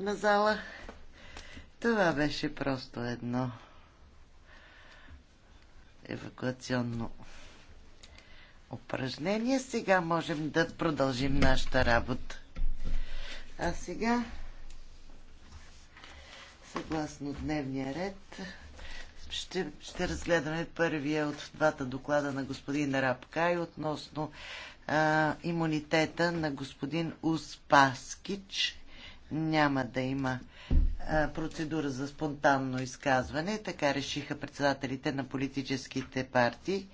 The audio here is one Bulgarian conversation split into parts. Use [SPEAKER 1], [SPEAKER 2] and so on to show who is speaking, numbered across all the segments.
[SPEAKER 1] На зала. Това беше просто едно евакуационно упражнение. Сега можем да продължим нашата работа. А сега, съгласно дневния ред, ще, ще разгледаме първия от двата доклада на господин Рапкай относно а, имунитета на господин Успаскич няма да има процедура за спонтанно изказване. Така решиха председателите на политическите партии.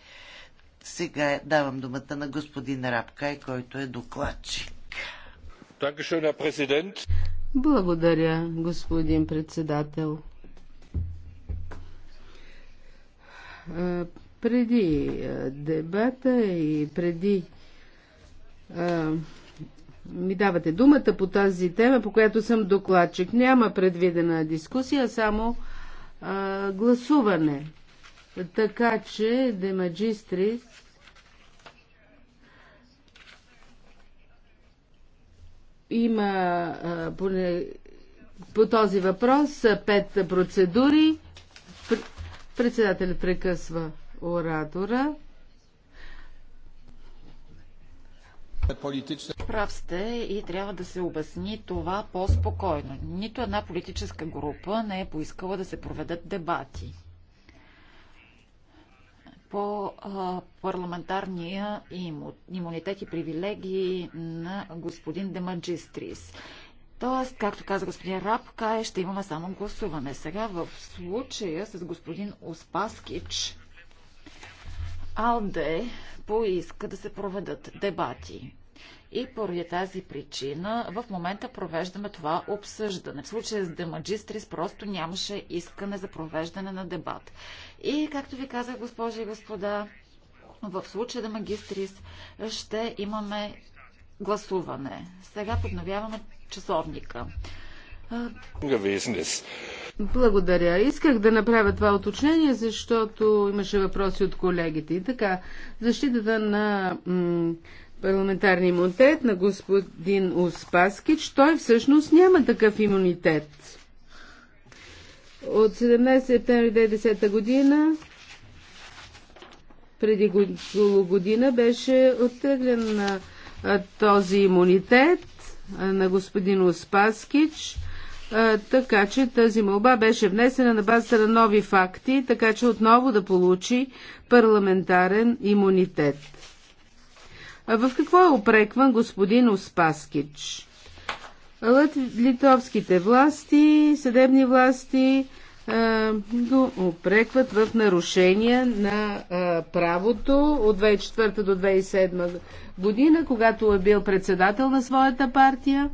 [SPEAKER 1] Сега давам думата на господин Рапкай, който е докладчик.
[SPEAKER 2] Благодаря, господин председател. Преди дебата и преди ми давате думата по тази тема, по която съм докладчик. Няма предвидена дискусия, само а, гласуване. Така че Демаджистрис има а, по, не, по този въпрос пет процедури. Председателят
[SPEAKER 3] прекъсва оратора. Прав сте и трябва да се обясни това по-спокойно. Нито една политическа група не е поискала да се проведат дебати по парламентарния имунитет и привилегии на господин Демаджистрис. Тоест, както каза господин Рапка, ще имаме само гласуване. Сега в случая с господин Оспаскич. АЛДЕ поиска да се проведат дебати. И поради тази причина в момента провеждаме това обсъждане. В случая с Демаджистрис просто нямаше искане за провеждане на дебат. И, както ви казах, госпожи и господа, в случая да магистрис ще имаме гласуване. Сега подновяваме часовника.
[SPEAKER 2] Благодаря.
[SPEAKER 3] Исках да направя това уточнение,
[SPEAKER 2] защото имаше въпроси от колегите. И така, защитата на парламентарния имунитет на господин Успаскич, той всъщност няма такъв имунитет. От 17 септември 2010 година преди година беше оттеглен този имунитет на господин Успаскич така че тази молба беше внесена на базата на нови факти, така че отново да получи парламентарен имунитет. В какво е опрекван господин Успаскич? Литовските власти, съдебни власти го опрекват в нарушение на правото от 2004 до 2007 година, когато е бил председател на своята партия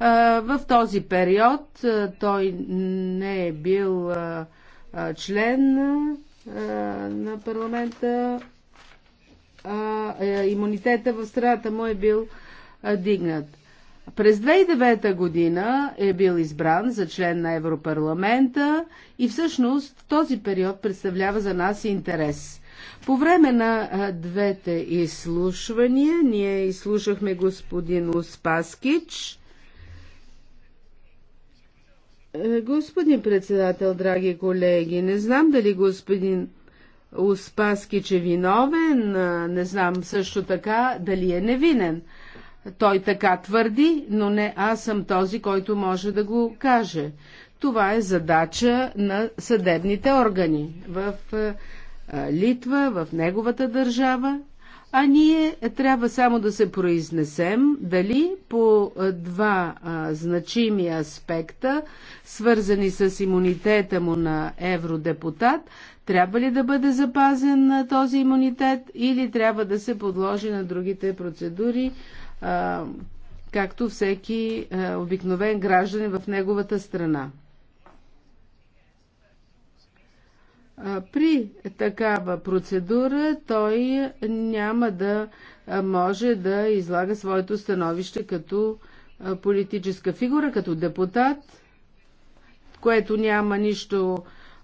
[SPEAKER 2] в този период той не е бил член на парламента. Е, имунитета в страната му е бил дигнат. През 2009 година е бил избран за член на Европарламента и всъщност този период представлява за нас интерес. По време на двете изслушвания ние изслушахме господин Успаскич е, господин председател, драги колеги, не знам дали господин Успаскич е виновен, не знам също така дали е невинен. Той така твърди, но не аз съм този, който може да го каже. Това е задача на съдебните органи в Литва, в неговата държава а ние трябва само да се произнесем дали по два а, значими аспекта, свързани с имунитета му на евродепутат, трябва ли да бъде запазен на този имунитет или трябва да се подложи на другите процедури, а, както всеки а, обикновен гражданин в неговата страна. При такава процедура той няма да може да излага своето становище като политическа фигура, като депутат, което няма нищо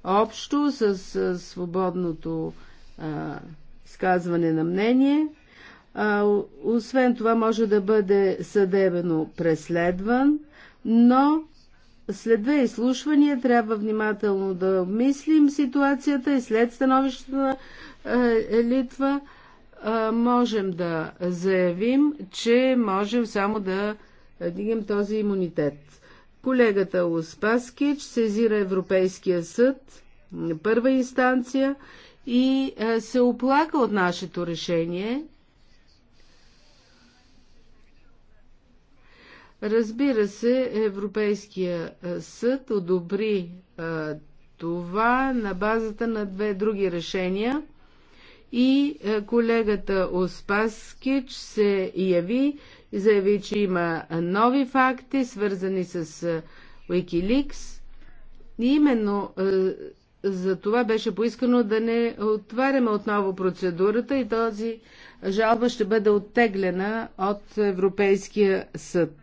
[SPEAKER 2] общо с свободното изказване на мнение. Освен това може да бъде съдебно преследван, но след две изслушвания трябва внимателно да обмислим ситуацията и след становището на е, е, Литва е, можем да заявим, че можем само да дигам този имунитет. Колегата Успаскич сезира Европейския съд първа инстанция и се оплака от нашето решение, Разбира се, Европейския съд одобри а, това на базата на две други решения и а, колегата Оспаскич се яви заяви, че има нови факти, свързани с Wikileaks. И именно а, за това беше поискано да не отваряме отново процедурата и този жалба ще бъде оттеглена от Европейския съд.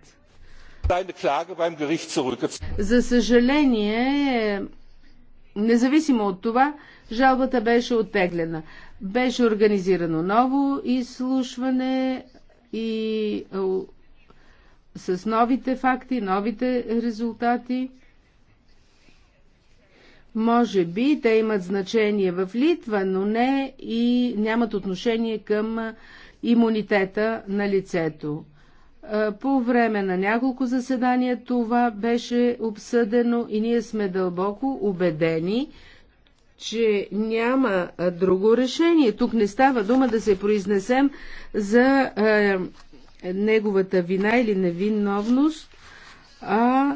[SPEAKER 2] За съжаление, независимо от това, жалбата беше оттеглена. Беше организирано ново изслушване и с новите факти, новите резултати. Може би те имат значение в Литва, но не и нямат отношение към имунитета на лицето. Е, по време на няколко заседания това беше обсъдено и ние сме дълбоко убедени, че няма е, друго решение. Тук не става дума да се произнесем за е, неговата вина или невинновност, а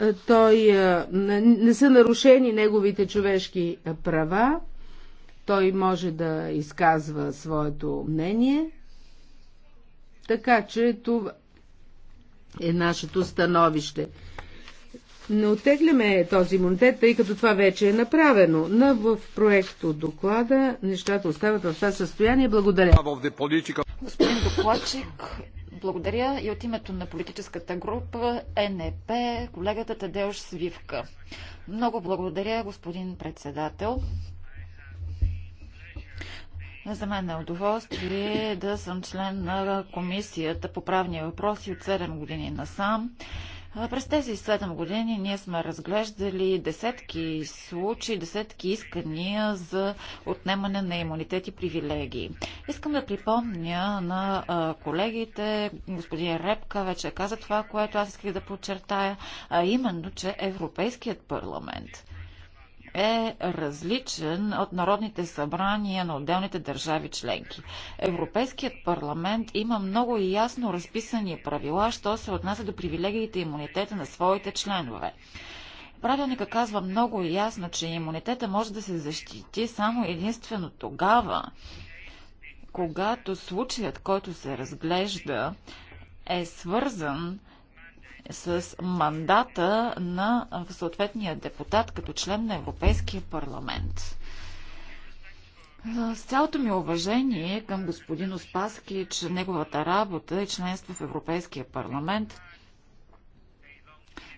[SPEAKER 2] е, той е, не са нарушени неговите човешки права. Той може да изказва своето мнение така че това е нашето становище. Не отегляме този имунитет, тъй като това вече е направено. Но в проекто доклада нещата остават в това състояние. Благодаря.
[SPEAKER 3] Господин докладчик, благодаря и от името на политическата група НЕП, колегата Тадеуш Свивка. Много благодаря, господин председател. За мен е удоволствие да съм член на Комисията по правни въпроси от 7 години насам. През тези 7 години ние сме разглеждали десетки случаи, десетки искания за отнемане на имунитет и привилегии. Искам да припомня на колегите, господин Репка вече каза това, което аз исках да подчертая, а именно, че Европейският парламент – е различен от народните събрания на отделните държави членки. Европейският парламент има много ясно разписани правила, що се отнася до привилегиите и имунитета на своите членове. Правилника казва много ясно, че имунитета може да се защити само единствено тогава, когато случаят, който се разглежда, е свързан с мандата на съответния депутат като член на Европейския парламент. С цялото ми уважение към господин Оспаски, че неговата работа и членство в Европейския парламент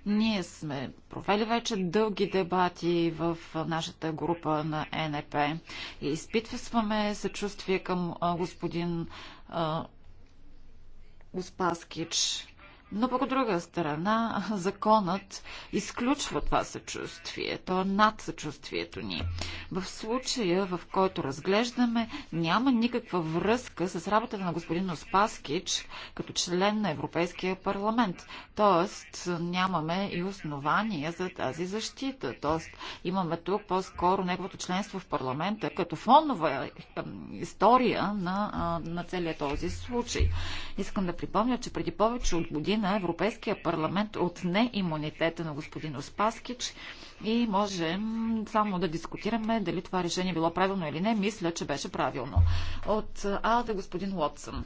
[SPEAKER 3] ние сме провели вече дълги дебати в нашата група на НП и изпитваме съчувствие към господин Оспаскич. Но пък от друга страна, законът изключва това съчувствие. То е над съчувствието ни. В случая, в който разглеждаме, няма никаква връзка с работата на господин Оспаскич като член на Европейския парламент. Тоест, нямаме и основания за тази защита. Тоест, имаме тук по-скоро неговото членство в парламента като фонова история на, на целият този случай. Искам да припомня, че преди повече от година година Европейския парламент отне имунитета на господин Оспаскич и можем само да дискутираме дали това решение било правилно или не. Мисля, че беше правилно. От АЛДА господин Уотсън.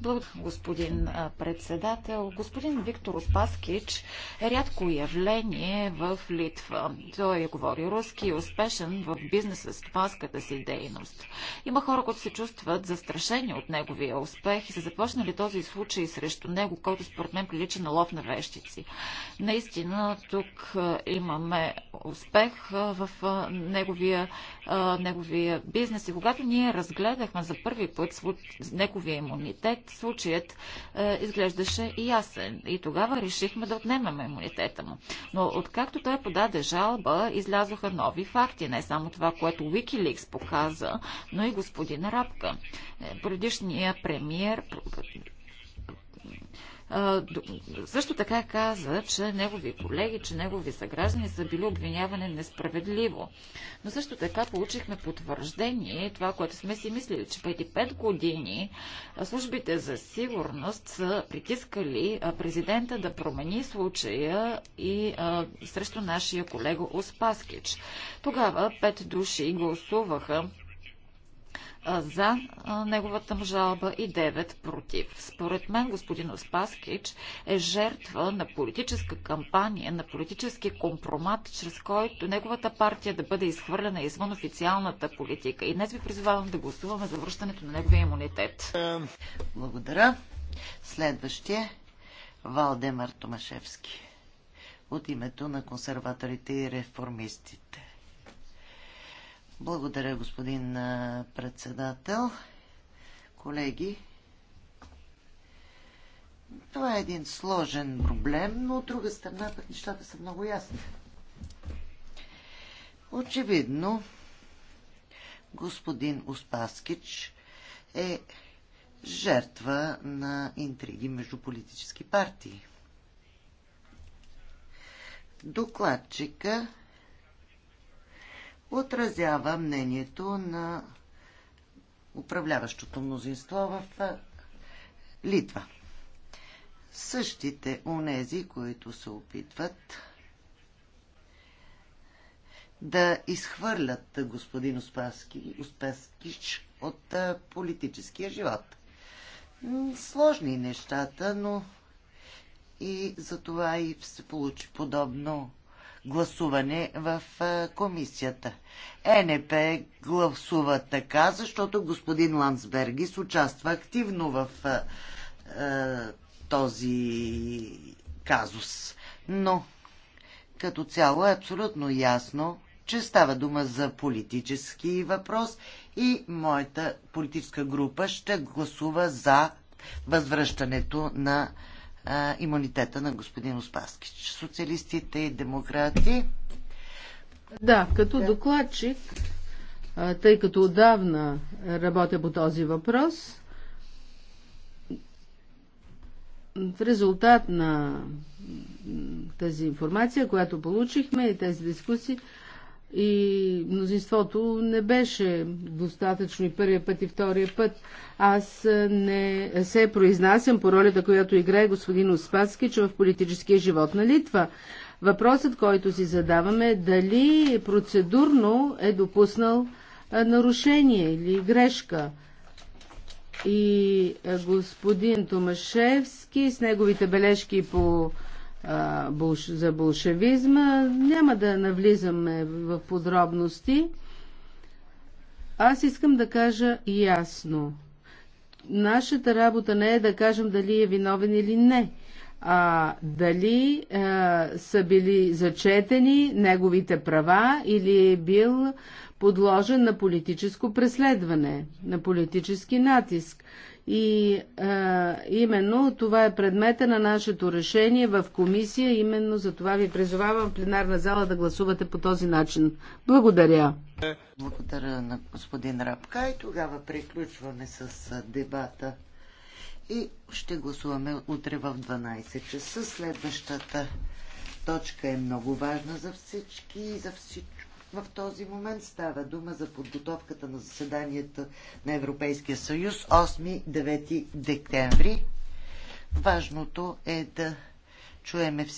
[SPEAKER 3] Благодаря, господин председател. Господин Виктор Опаскич е рядко явление в Литва. Той е говори руски и успешен в бизнеса, с стопанската си дейност. Има хора, които се чувстват застрашени от неговия успех и са започнали този случай срещу него, който според мен прилича на лов на вещици. Наистина, тук имаме успех в неговия, неговия бизнес. И когато ние разгледахме за първи път неговия имунитет, случаят е, изглеждаше ясен. И тогава решихме да отнемем имунитета му. Но откакто той подаде жалба, излязоха нови факти. Не само това, което Wikileaks показа, но и господин Рапка. Е, Предишният премиер също така каза, че негови колеги, че негови съграждани са били обвинявани несправедливо. Но също така получихме потвърждение, това, което сме си мислили, че преди 5 години службите за сигурност са притискали президента да промени случая и срещу нашия колега Успаскич. Тогава пет души гласуваха за неговата жалба и 9 против. Според мен господин Оспаскич е жертва на политическа кампания, на политически компромат, чрез който неговата партия да бъде изхвърлена извън официалната политика. И днес ви призвавам да гласуваме за връщането на неговия имунитет.
[SPEAKER 1] Благодаря. Следващия е Валдемар Томашевски от името на консерваторите и реформистите. Благодаря, господин председател. Колеги, това е един сложен проблем, но от друга страна пък нещата са много ясни. Очевидно, господин Успаскич е жертва на интриги между политически партии. Докладчика отразява мнението на управляващото мнозинство в Литва. Същите онези, които се опитват да изхвърлят господин Успаски, Успаскич от политическия живот. Сложни нещата, но и за това и се получи подобно гласуване в комисията. ЕНП гласува така, защото господин Ландсбергис участва активно в този казус. Но като цяло е абсолютно ясно, че става дума за политически въпрос и моята политическа група ще гласува за възвръщането на а, имунитета на господин Успаскич. Социалистите и демократи.
[SPEAKER 2] Да, като докладчик, тъй като отдавна работя по този въпрос, в резултат на тази информация, която получихме и тези дискусии, и мнозинството не беше достатъчно и първия път и втория път. Аз не се произнасям по ролята, която играе господин Успадски, че в политическия живот на Литва. Въпросът, който си задаваме е дали процедурно е допуснал нарушение или грешка. И господин Томашевски с неговите бележки по за болшевизма. Няма да навлизаме в подробности. Аз искам да кажа ясно. Нашата работа не е да кажем дали е виновен или не, а дали а, са били зачетени неговите права или е бил подложен на политическо преследване, на политически натиск. И а, именно това е предмета на нашето решение в комисия. Именно за това ви призовавам в пленарна зала да гласувате по този начин. Благодаря.
[SPEAKER 1] Благодаря на господин Рапка и тогава приключваме с дебата. И ще гласуваме утре в 12 часа. Следващата точка е много важна за всички и за всички в този момент става дума за подготовката на заседанията на Европейския съюз 8-9 декември. Важното е да чуеме всички.